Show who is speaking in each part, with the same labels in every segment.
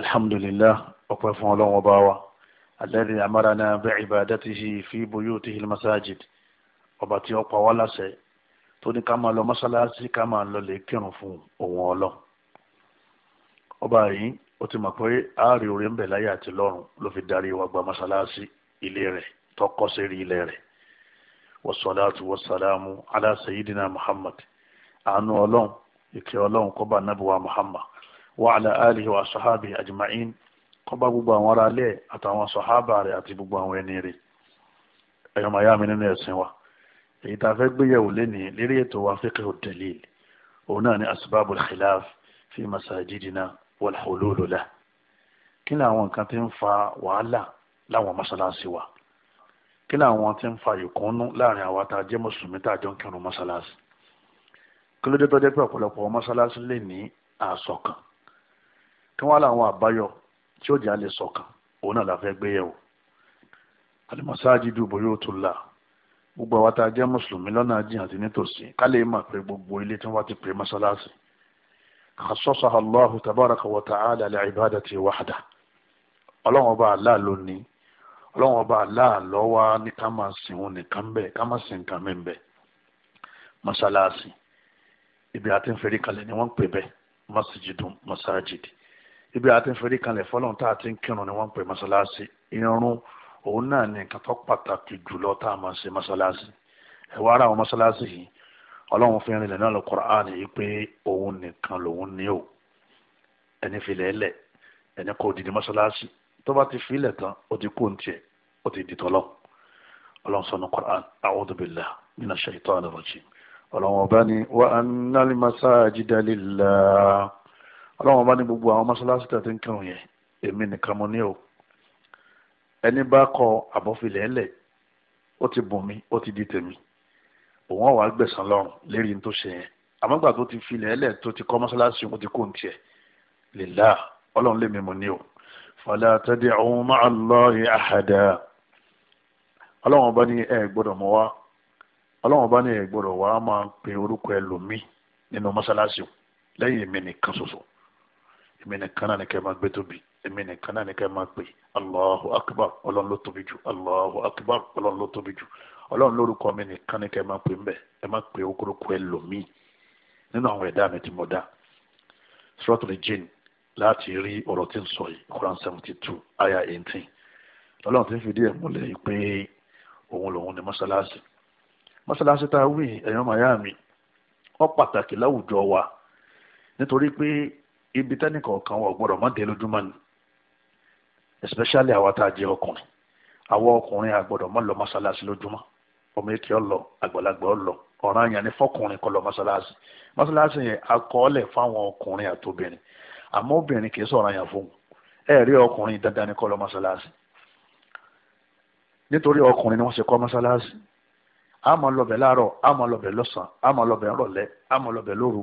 Speaker 1: alhamdulilah ọpẹ́ fún Ọlọ́run ọba wa alladhi amarana bi ibadatihi fi buyutihi almasajid ọba tí ó pa wá láṣẹ tó ní ká máa lọ mọ́sálásí ká máa lọ lè kírun fún òun ọlọ ọba yìí ó ti mọ̀ pé ààrẹ orí ń bẹ láyé àti lọ́run ló fi darí wa gba mọ́sálásí ilé rẹ̀ tọkọ sérí ilé rẹ̀ wasalaatu wasalaamu ala sayidina muhammad àánú ọlọ́run ìkẹ́ ọlọ́run kó bá muhammad wa ala alihi wa sahabi ajma'in kọba gbogbo àwọn ará alẹ́ àtàwọn sahaba rẹ̀ àti gbogbo àwọn ẹni rẹ̀ ẹ̀yọ́ màá yá mi nínú ẹ̀sìn wa èyí tá a fẹ́ gbéyẹ̀wò lénìí lérí ètò wa fiqhu dalil òun náà ni asbabul khilaf fi masajidina wal hululu lahu kí ni àwọn nǹkan tí ń fa wàhálà láwọn mọ́ṣáláṣí wa kí ni àwọn tí ń fa ìkùnnú láàrin àwa tá a jẹ́ mùsùlùmí tá a jọ ń kírun mọ́ṣáláṣí kí ló dé tó jẹ́ pé ọ̀pọ̀lọpọ̀ mọ́ṣáláṣí lè ní àsọ̀kan kí wọ́n láwọn àbáyọ tí ó jẹ́ àlè sọ̀kan òun náà la fẹ́ gbé yẹ̀wò alimasajidu la gbogbo àwọn tá a jẹ́ mùsùlùmí lọ́nà ajé àti nítòsí ká lè pé gbogbo ilé tí wọ́n ti pè mọ́sálásì Allahu tabaraka wa ta'ala li ibadati ti ọlọ́run ọba Allah ló ní ibi àti kalẹ̀ ni wọ́n ń pè bẹ́ẹ̀ ibi àti nfẹ̀rí kanlẹ̀ fọlọ́n tá a ti ń kírun ni wọ́n ń pè mọ́sálásí irun òun náà ní nǹkan tó pàtàkì jùlọ tá a máa ṣe mọ́sálásí ẹ̀wọ́ ara àwọn mọ́sálásí yìí ọlọ́run fi rinlẹ̀ náà lọ Kùránì yìí pé òun nìkan lòun ní o ẹni filẹ̀ ẹlẹ̀ ẹni kò dìde mọ́sálásí tó bá ti filẹ̀ tán ó ti kó ń tiẹ̀ ó ti dìtọ́ lọ ọlọ́run sọnù Kùránì a'udhu billahi minash shaitanir rajim ọlọ́run ọba ni wa annal masajida ọlọ́run bá ní gbogbo àwọn mọ́ṣáláṣí tàbí nǹkan yẹn èmi nìkan mo ní o ẹni bá kọ àbọ̀filẹ̀ ńlẹ̀ ó ti bùn mí ó ti di tèmi òun àwọn àgbẹ̀sán lọ́rùn lérí ní tó ṣe yẹn àmọ́gbà tó ti filẹ̀ ẹlẹ̀ tó ti kọ́ mọ́ṣáláṣí ó ti kó ń tiẹ̀ lèlá ọlọ́run lèmi mo ní o fala tad'u ma'a Allahi ahada ọlọ́run bá ní ẹ gbọ́dọ̀ mọ́ wá ọlọ́run bá ní ẹ gbọ́dọ̀ wá máa pe orúkọ ẹlòmíì èmi nìkan náà ni kẹ́ máa gbé tóbi èmi nìkan náà ni kẹ́ máa pè Allahu akbar ọlọ́run ló tóbi jù Allahu akbar ọlọ́run ló tóbi jù ọlọ́run lórúkọ mi nìkan ni kẹ́ máa pè mbẹ́ ẹ máa pè okòrókò ẹ lòmíì nínú àwọn ẹ̀dá mi tí mo dá Suratul Jinn láti rí ọ̀rọ̀ tí ń sọ yìí seventy two aya eighteen ọlọ́run ti ń fìdí ẹ̀ yìí pé òun lòun ni mọ́sálásí mọ́sálásí tá a wí ẹ̀yọ́ màyá pàtàkì láwùjọ wa nítorí pé ibi tẹ́nì kọ̀ọ̀kan wọ̀ ma mọ́ ni especially àwa tá a jẹ́ ọkùnrin àwa ọkùnrin àgbọ̀dọ̀ lọ masalasi lójúmọ́ ọmọ èkì ọlọ àgbàlagbà ọlọ ọ̀ràn yẹn ni fọkùnrin kọlọ masalasi masalasi yẹn akọọ́lẹ̀ fáwọn ọkùnrin àtobìnrin àmọ́ obìnrin kì í yẹn fún un ẹ rí ọkùnrin dandan ni nítorí ọkùnrin ni ṣe lóru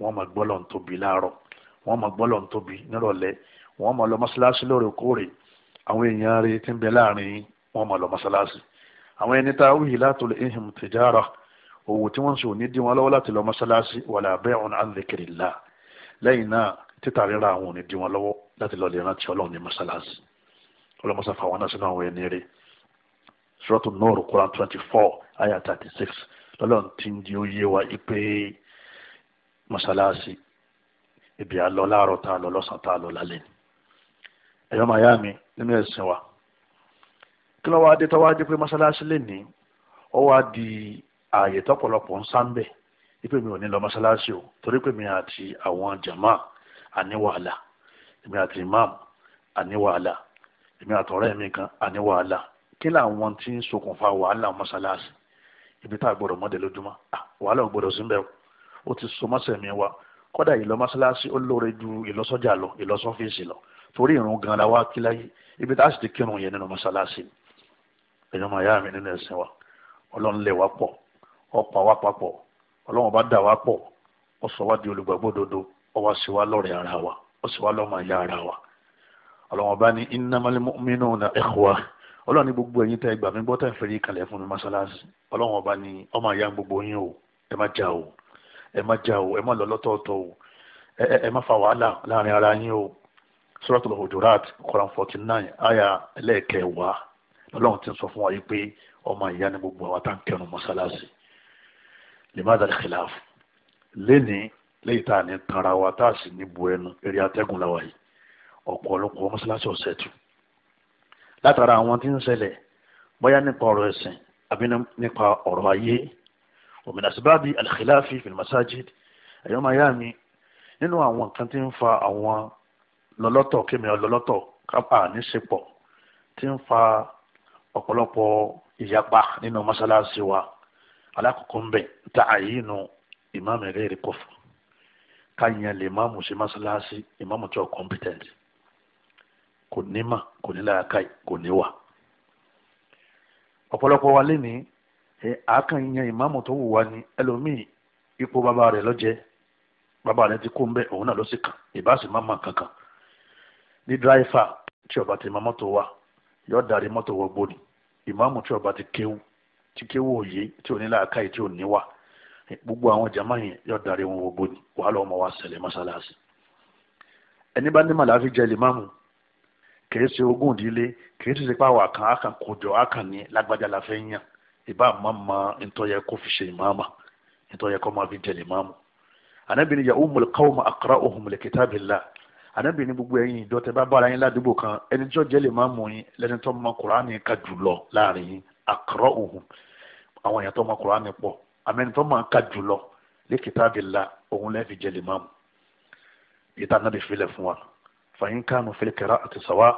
Speaker 1: wọ́n máa gbọ́ lọ́n tóbi láàárọ̀ wọ́n máa gbọ́ lọ́n tóbi nírọ̀lẹ́ wọ́n máa lọ mọ́ṣáláṣí lóòrèkóòrè àwọn èèyàn rẹ̀ ti ń bẹ láàrin yín wọ́n máa lọ mọ́ṣáláṣí àwọn ẹni tá a wí látòlè ihim tìjára òwò tí wọ́n ń sọ ní dí wọn lọ́wọ́ láti lọ mọ́ṣáláṣí wàlà bẹ́ẹ̀ ọ̀nà àǹdẹ̀kẹ̀rẹ̀lá lẹ́yìn náà títà rírà àwọn ò ní dí wọn lọ́wọ́ láti lọ lè rántí ọlọ́run ní mọ́ṣáláṣí ọlọ́mọṣá fà wọn náà sínú àwọn ẹni rẹ̀ sọ́tún nọ́ọ̀rù Quran twenty four ayah thirty six lọ́lọ́run ti ń di oyé wa ipe mọ́ṣáláṣí ibi àlọ́ láàárọ̀ tá a lọ lọ́sàn-án tá a lọ lálẹ́ ni ẹ̀yọ́ màyá mi nínú ẹ̀sìn wa kí ló wá dé tó wá dé pé mọ́ṣáláṣí lè ní ó wá di ààyè tọ́pọ̀lọpọ̀ ń sáńbẹ̀ ipe mi ò ní lọ mọ́ṣáláṣí o torí pé mi àti àwọn jàmá àní wàhálà èmi àti imam àní wàhálà èmi àtọ̀rẹ́ mi kan àní wàhálà kí làwọn ti ń ṣokùnfà wàhálà mọ́ṣáláṣí ibi tá a gbọ́dọ̀ mọ́dẹ ó ti so mọ́sẹ̀mí wa kọ́dà ìlọ mọ́sálásí ó lóore ju ìlọsọ́jà lọ ìlọsọ́fíìsì lọ torí ìrun gan la wá kí láyé ibi tá a sì ti kírun yẹn nínú mọ́sálásí ẹ̀yọ́ máa yá mi nínú ẹ̀sìn wa ọlọ́run lè wá pọ̀ ọ̀pọ̀ wá papọ̀ ọlọ́run bá dà wá pọ̀ ó sọ wá di olùgbàgbọ́ òdodo ó wá sí wa lọ́rẹ̀ ara wa ó sì wá lọ́mọ ìyá ara wa ọlọ́run bá ní innamal mu'minuna ikhwa ọlọ́run ní gbogbo ẹ̀yin tẹ́ ẹ gbà mí gbọ́ tẹ́ ẹ fẹ́rí kalẹ̀ fún mi mọ́sálásí ọlọ́run bá ní ọmọ ìyá gbogbo yín o ẹ má jà o ẹ má jà o ẹ má lọ lọ́tọ̀ọ̀tọ̀ o ẹ má fa wàhálà láàrin ara yín o suratul hujurat Quran forty nine aya ẹlẹ́ẹ̀kẹwàá lọ́lọ́run ti sọ fún wa yìí pé ọmọ ìyá ni gbogbo àwọn tá à ń kẹrun mọ́sálásì limada khilaf lẹ́ni lẹ́yìn tá a ní tara wa tá a sì ní bu ẹnu eré atẹ́gùn la wa yìí ọ̀pọ̀lọpọ̀ mọ́sálásì ọ̀sẹ̀ tù látara àwọn tí ń ṣẹlẹ̀ bóyá nípa ọ̀rọ̀ ẹ̀sìn àbí nípa ọ̀rọ̀ ayé ومن أسباب الخلاف في المساجد ẹ̀yọ́ أيامي yá mi nínú àwọn nǹkan tí ń fa àwọn lọ́lọ́tọ̀ kémi ọlọ́lọ́tọ̀ kápá níṣepọ̀ tí ń fa ọ̀pọ̀lọpọ̀ ìyapa nínú mọ́ṣáláṣí wa alákọ̀ọ́kọ́ ń bẹ̀ tá àyè inú ìmáàmù rẹ̀ rí kọ̀fù káyàn lè máàmù sí mọ́ṣáláṣí ìmáàmù tó competent kò ní mà kò ní láyàkáì kò ní wà ọ̀pọ̀lọpọ̀ wa lénìí àákàn yan ìmáàmù tó wù wá ni ẹlòmíì ipò bàbá rẹ̀ lọ́jẹ́ bàbá rẹ̀ ti kó ń bẹ́ òun náà ló sì kàn ìbáàsì máma kankan ní dráìfà tí ọba ti ma mọ́tò wa yóò darí mọ́tò wọ gbóni ìmáàmù tí ọba ti kéwú tí kéwú òye tí onílà akáyì tí ò ní wà gbogbo àwọn jama yẹn yóò darí wọn wọ gbóni wàhálà ọmọ wa ṣẹlẹ̀ mọ́ṣáláṣí ẹni bá ní màláfi jẹ ìmáàmù kìí ṣe ogún ìdílé kìí ṣe pàwọ̀ àkàn àkàn kòjọ àkàn ní lágbájá la fẹ́ yàn ìbá àmàmà ntọ́yẹ kó fi ṣe ìmáàmà ntọ́yẹ kó máa fi jẹ̀lẹ̀ ìmáàmù anabi ni yahoo mulkaw ma akara ohun mulkitabi la anabi ni gbogbo ẹ̀yin ìjọ tẹ́ bá bára yín ládùúgbò kan ẹni tí ó jẹ̀lẹ̀ ìmáàmù yín lẹ́ni tó mọ kuraani ka jùlọ láàrin yín akara ohun àwọn èèyàn tó mọ kuraani pọ̀ amẹni tó mọ ka jùlọ lẹ́kitabi la òun lẹ́ fi jẹ̀lẹ̀ ìmáàmù ìta anabi filẹ̀ fún wa fàyín kánú fil qira'ati sawa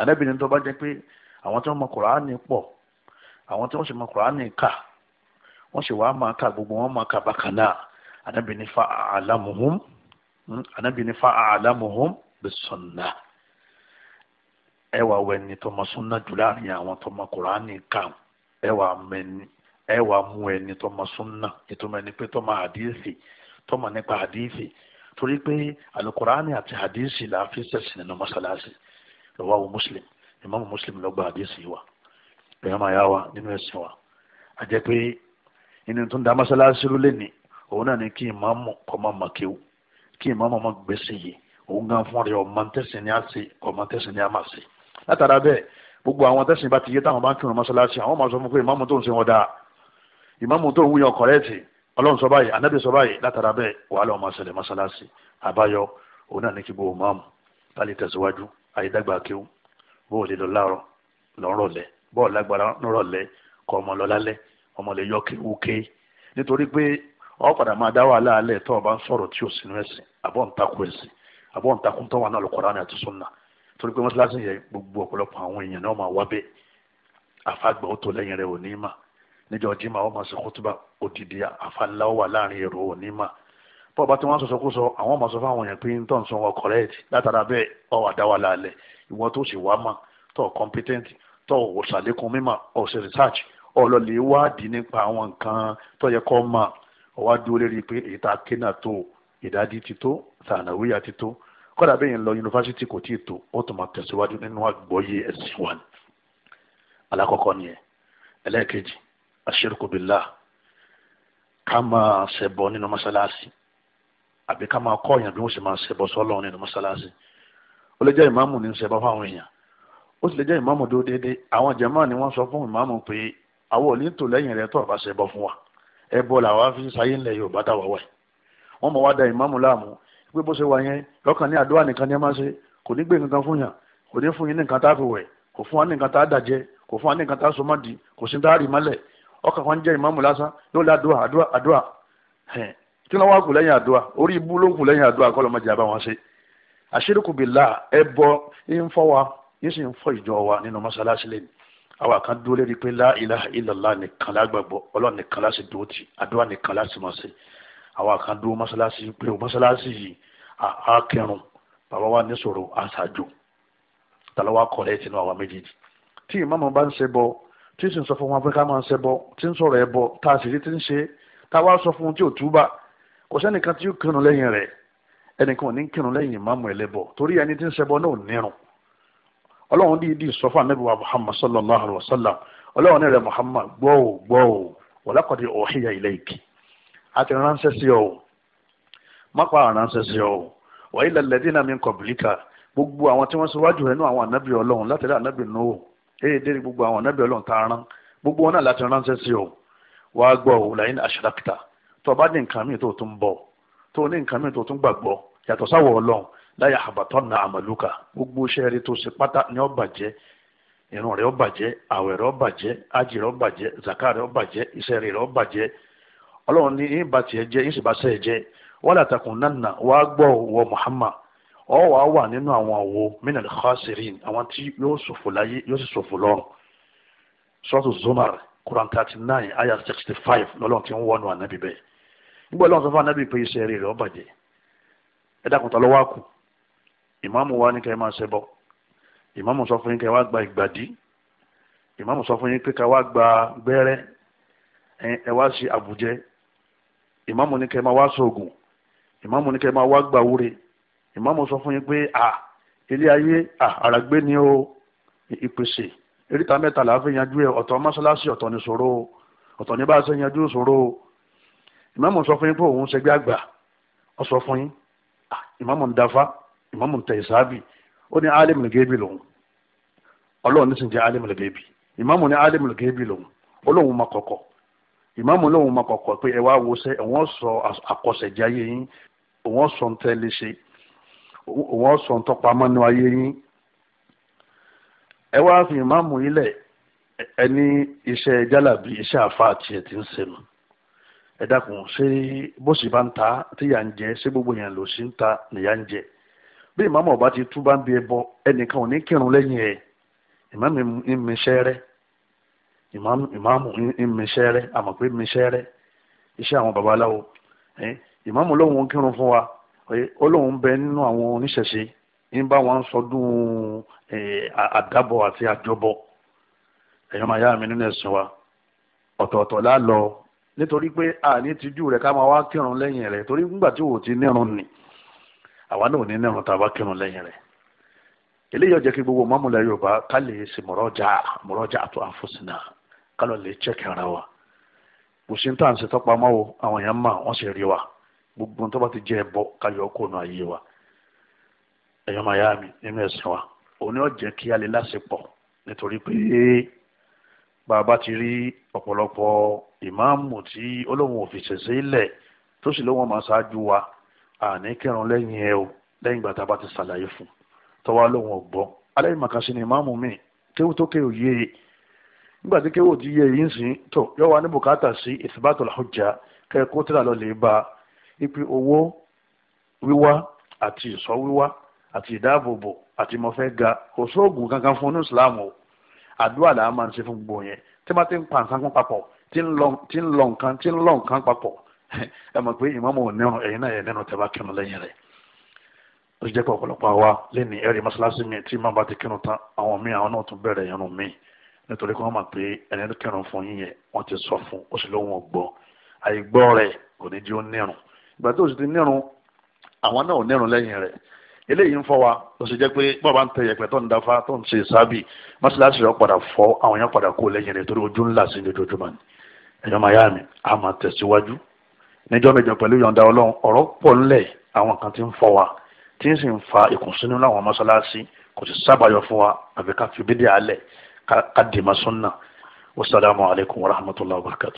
Speaker 1: anabi ni tó bá jẹ́ pé àwọn tó mọ kuraani pọ̀ àwọn tí wọ́n sì mọ kùránì kà wọ́n sì wàá máa kà gbogbo wọn máa kà bákan náà anabi ní fa àlámuhum anabi hmm, ní fa àlámuhum bí sunna ẹ wà wẹ ni tọmọ sunna jù láàrin àwọn tọmọ kùránì kà ẹ wà mẹni ẹ wà mú ẹni tọmọ sunna ìtumọ̀ ẹni pé tọmọ àdìsí tọmọ nípa àdìsí torí pé alukurani àti àdìsí là fi ṣẹ̀sìn nínú mọ́ṣáláṣí lọ́wọ́ Muslim Imam Muslim ló gba àdìsí wa ẹ̀yọ́ máa wa nínú ẹ̀sìn wa àjẹ́ pé ẹni tó ń da mọ́sálásí lólè ní òun náà ni kí ìmáàmù kọ́ máa mà kéwù kí ìmáàmù máa gbèsè yìí òun gan fún rẹ ọmọ tẹ̀sìn ni a ṣe ọmọ tẹ̀sìn ni a máa ṣe látara bẹ́ẹ̀ gbogbo àwọn tẹ̀sìn bá ti yé táwọn bá ń kírun mọ́sálásí àwọn máa sọ fún pé ìmáàmù tó ń ṣe wọn dáa ìmáàmù tó ń wúyan kọ̀rẹ́ẹ̀tì ọlọ́run sọ báyìí anábì sọ báyìí látara bẹ́ẹ̀ wàhálà ọmọ ṣẹlẹ̀ mọ́sálásí àbáyọ òun náà ní kí gbogbo ìmáàmù bọ́ọ̀ lágbára nírọ̀lẹ́ kọ́ ọmọ lọ lálẹ́ ọmọ lè yọ kéwúké nítorí pé ọ padà máa dá wàhálà alẹ́ tó o bá ń sọ̀rọ̀ tí o sì ní ẹ̀sìn àbọ̀ ń takò ẹ̀sìn àbọ̀ ń takò tó wà náà lọ́kọ̀ọ́rọ́ àti sunna torí pé mọ́tíláṣí yẹn gbogbo ọ̀pọ̀lọpọ̀ àwọn èèyàn náà máa wá bẹ́ẹ̀ àfàgbà ó tó lẹ́yìn rẹ̀ ò ní mà níjọ́ jimá ó máa ṣe kútúbà òdìdí àfàlà ó wà láàrin èrò ò mà bọ́ ọba tí wọ́n sọ̀sọ́ kó sọ àwọn máa sọ fáwọn èèyàn pé ń tàn sọ wọn correct látara bẹ́ẹ̀ ọ wà dá wàhálà alẹ́ tó sì wá mà tó competent tó o ṣàlékún mímọ̀ o ṣe research ọlọ́lẹ̀ wádìí nípa àwọn nǹkan tó yẹ kó mọ̀ ọ wá dúró lérí pé ìta kéènà tó ìdádí ti tó tànàwíyà ti tó kódà bẹ́ẹ̀ yẹn lọ yunifásitì kò tí ì tó ó tó máa tẹ̀síwájú nínú àgbọ́yé ẹ̀sìn wa ni alákọ̀ọ́kọ́ nìyẹn ẹlẹ́ẹ̀kejì aṣirku billah ká máa ṣẹbọ nínú mọ́ṣáláṣí àbí ká máa kọ́ ọ̀yàn bí wọ́n ṣe máa ṣẹbọ sọ́lọ́ nínú mọ́ṣáláṣí ó lè jẹ́ ìmáàmù ní ṣẹbọ fáwọn èèyàn ó sì lè jẹ́ ìmáàmù dúró déédéé àwọn ni wọ́n sọ fún ìmáàmù pé àwọn ò ní tò lẹ́yìn rẹ̀ tó àbá ṣe bọ́ fún wa ẹbọ làwa fi sáyé ńlẹ̀ Yorùbá táwa wà wọ́n mọ̀ wá da ìmáàmù láàmú pé bó ṣe wà yẹn lọ́kàn ní àdúrà nìkan ní ẹ máa ṣe kò ní gbé nǹkan kò ní fún yín tá a fi wẹ̀ kò fún wa nǹkan tá a dàjẹ́ kò fún wa nǹkan tá a so má kò sí tá a rì mọ́lẹ̀ ọkàn kan jẹ́ ìmáàmù lásán yóò lé àdúrà àdúrà àdúrà kí wọ́n wá kù yìí sì ń fọ ìjọ wa nínú mọ́ṣáláṣí lẹ́nu àwa kan dúró lérí pé la ilaha illallah nìkan lágbàgbọ́ ọlọ́run nìkan láti dúró tì àdúrà nìkan láti mọ̀ sí àwa kan dúró mọ́ṣáláṣí pé o yìí a kẹrun bàbá wa níṣòro àṣàjò tàlọ́wà kọ̀rẹ́ tinú àwa méjèèjì tí ìmáàmù bá ń ṣe bọ tí sì ń sọ fún wọn pé ká máa ń ṣe bọ tí ń sọ̀rọ̀ ẹ bọ tá a sì rí ti ń ṣe tá a wá sọ fún tí ò túbà kò sẹ́nìkan tí ó kírun lẹ́yìn rẹ̀ ẹnìkan ò ní kírun lẹ́yìn ìmáàmù ẹlẹ́bọ torí ẹni tí ń ṣe bọ náà nírun ọlọ́run dìídì sọ́fà nàbí wa muhammad sallallahu alayhi wa sallam ọlọ́run rẹ̀ muhammad gbọ́ ò gbọ́ ò wọ́lákọ̀dé ọ̀hìyà ilayki àti ránṣẹ́ sí ọ mọ́pá ránṣẹ́ sí ọ wa ila alladhina min qablika gbogbo àwọn tí wọ́n ṣíwájú rẹ̀ nú àwọn ànábì ọlọ́run látẹ̀lé ànábì nóò èyí dé gbogbo àwọn ànábì ọlọ́run tá a rán gbogbo wọn náà láti ránṣẹ́ sí ọ wá gbọ́ ò la'in ashrakta tó o bá ní nǹkan míì tó o tún bọ̀ tó o ní nǹkan míì tó o tún gbàgbọ́ yàtọ̀ sáwọ̀ ọlọ́run láyà àbàtọ́ na àmàlùkà gbogbo iṣẹ́ rẹ tó ṣe pátá ni ó bàjẹ́ irun rẹ ó bàjẹ́ àwẹ̀ rẹ ó bàjẹ́ ájì rẹ ó bàjẹ́ zaka rẹ ó bàjẹ́ iṣẹ́ rẹ ó bàjẹ́ ọlọ́run ní yín bá tiẹ̀ jẹ́ yín sì bá sẹ́ẹ̀ jẹ́ wala takunanna wà á gbọ́ wọ Muhammad ọ wàá wà nínú àwọn àwo minal khasirin àwọn tí yóò ṣòfò láyé yóò sì sọ́tù thirty nine sixty five lọ́lọ́run ti ń wọ́nu ànábì bẹ́ẹ̀ nígbà lọ́run sọ ìmáàmù wa ní kẹ́ máa ṣẹbọ ìmáàmù sọ fún yín kẹ́ wá gba ìgbàdí ìmáàmù sọ fún yín pé kẹ́ wá gba gbẹ́rẹ́ ẹ wá ṣe àbùjẹ ìmáàmù ní kẹ́ máa wá sóògùn ìmáàmù ní kẹ́ máa wá gbàwúre ìmáàmù sọ fún yín pé à ilé ayé à àràgbé ni o ìpèsè eríta mẹ́ta là á fi yanjú ẹ ọ̀tọ̀ mọ́ṣáláṣí ọ̀tọ̀ ní ṣòro ọ̀tọ̀ ní bá a ṣe yanjú ṣòro ìmáàmù sọ fún yín pé òun ṣẹgbẹ́ àgbà ọ sọ fún yín ìmáàmù ń dafa ìmáàmù tẹ̀sáàbì ó ní alim lẹ́gẹ́bì lòun ọlọ́run nísìnyí jẹ́ alim lẹ́gẹ́bì ìmáàmù ní alim lẹ́gẹ́bì lòun olóhùn máa kọ̀kọ̀ ìmáàmù olóhùn máa kọ̀kọ̀ pé ẹ wá wo sẹ́ ẹ̀wọ́n sọ àkọsẹ̀jẹ́ ayé yín ẹ̀wọ́n sọ ń tẹ́lẹ̀ ṣe ẹ̀wọ́n sọ ń tọpamọ́ nínú ayé yín ẹ wá fi ìmáàmù ilẹ̀ ẹni iṣẹ́ jálàbí iṣẹ́ àfáà tiẹ̀ ti ń sẹ́nu ẹ dákun ṣé bó sì bá ń ta tíyà ń jẹ ṣé gbogbo yẹn ló sì ń ta nìyà ń jẹ bí ìmáàmù ọba ti tú bá ń bi ẹbọ ẹnìkan ò ní kírun lẹ́yìn ẹ̀ ìmáàmù ìmìṣẹ́ rẹ̀ ìmáàmù ìmìṣẹ́ rẹ̀ àmọ̀ pé ìmìṣẹ́ rẹ̀ iṣẹ́ àwọn babaláwo ìmáàmù lóun kírun fún wa ó lóun bẹ nínú àwọn oníṣẹ̀ṣe ń bá wọn sọdún àdábọ̀ àti àjọbọ̀ ẹ̀yọ́ máa yá mi nínú ẹ̀sìn wa ọ̀tọ̀ọ̀tọ̀ lálọ nítorí pé àní tijú rẹ̀ ká máa wá kírun lẹ́yìn rẹ̀ torí nígbà tí òun ti nírun nì àwa náà ò ní nírun tá a bá kírun lẹ́yìn rẹ̀ eléyìí ọjà kí gbogbo mọ́múlẹ̀ yorùbá ká lè ṣe mọ̀rọ́jà mọ̀rọ́jà àtọ́ àfọ́sínà ká lọ lè chẹ́kì ara wa kò sí tá à ń ṣe tọ́pa mọ́ o àwọn èèyàn mà wọ́n sì rí wa gbogbo tó bá ti jẹ́ ẹbọ ká yọ kó nu ayé wa ẹ̀yọ́ máa yá mi nínú ẹ̀sìn wa òní ọ̀jẹ̀ kí a lè láṣepọ̀ nítorí pé bàbá ti rí ọ̀pọ̀lọpọ̀ ìmáàmù tí olóhùn òfìṣẹ̀ṣẹ̀ ilẹ̀ tó sì lóhùn máa ṣáájú wa àní kírun lẹ́yìn ẹ o lẹ́yìn gbàtà bá ti ṣàlàyé fún tọ́wá lòun ò gbọ́ aláìmọ̀kànṣe ni ìmáàmù mi kéwù tó kéwù yé e nígbà tí kéwù ti yé e yín sìn tó yọ ní bùkátà sí ithbatul hujja kẹ́ ẹ kó tíra lọ lè ba ipi owó wíwá àti ìsọ wíwá àti ìdáàbòbò àti ìmọ̀fẹ́ ga kò sóògùn kankan fún ní ìsìláàmù o àdúrà làá máa ń ṣe fún gbogbo yẹn tí wọ́n ti ń pa nǹkan papọ̀ tí ń lọ nǹkan tí ń lọ nǹkan papọ̀ ẹ mọ̀ pé ìmáàmù ò nírun ẹ̀yin náà yẹ nínú tẹ́ bá kírun lẹ́yìn rẹ̀ ó jẹ́ pé ọ̀pọ̀lọpọ̀ àwa lẹ́ni ẹ̀rí mọ́ṣáláṣí mi tí màmá ti kírun tán àwọn míì àwọn náà tún bẹ̀rẹ̀ irun míì nítorí kí wọ́n mọ̀ pé ẹni tó kírun fún yín yẹn wọ́n ti sọ fún ó sì lóun ọ̀gbọ́ àìgbọ́ rẹ̀ kò ní jí ó nírun ìgbà tó o sì ti nírun àwọn náà ò nírun lẹ́yìn rẹ̀ eléyìí ń fọ wa ló ṣe jẹ́ pé bàbá ń tẹ yẹ̀pẹ̀ tó ń dafa tó ń ṣe sábì mọ́ṣáláṣí rẹ̀ padà fọ́ àwọn yẹn padà kó lẹ́yìn rẹ̀ torí ojú ńlá sí lójoojúmọ́ níjọ́ mẹ́jọ pẹ̀lú yọ̀ǹda ọlọ́run ọ̀rọ̀ pọ̀ ńlẹ̀ àwọn kan ti ń fọ wa tí ń sì ń fa ìkùnsínú láwọn mọ́ṣáláṣí kò sì sábàyọ fún wa àbí ká fi bídíà alẹ̀ ká dì mọ́ súnà wasalaamualeykum wa rahmatulahi wa barakatu.